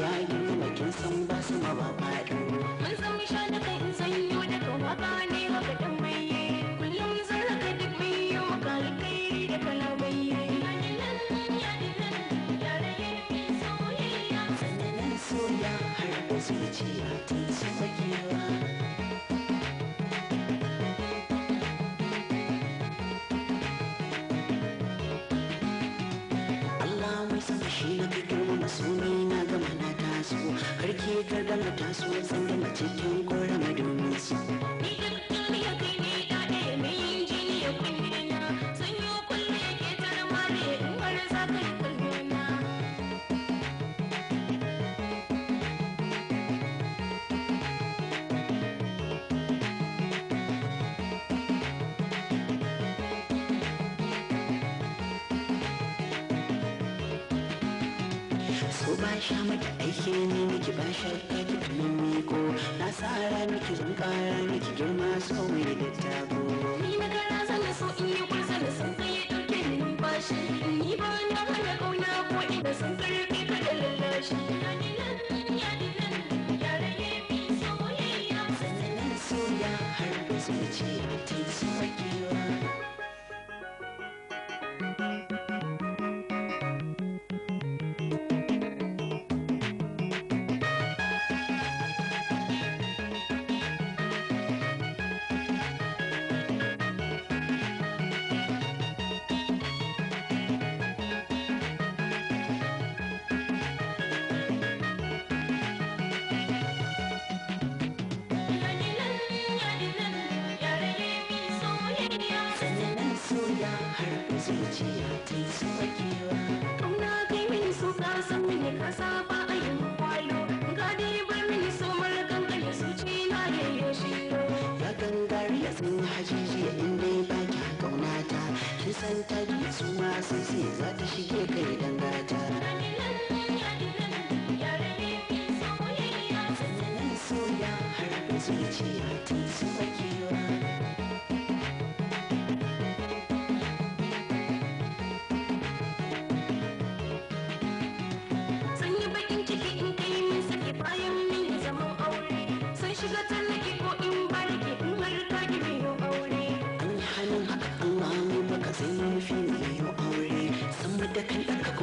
yayi kin san ba su ma baba shi na fito masoyi na gama na taso karki ka gama taso sanda mace tun kora madomin su. Ni kan ya kai su ba sha mata aike ne miki ba sha ta tukanin miko na tsara miki zan kara miki girma so da tago ni magana zan so in yi kursa da sun kai dauke da bashi. ni ba na hana kauna ko ina san karfi ka da lallashi Soya har da zuciya ta yi shige kai dan gata soya har zuciya ta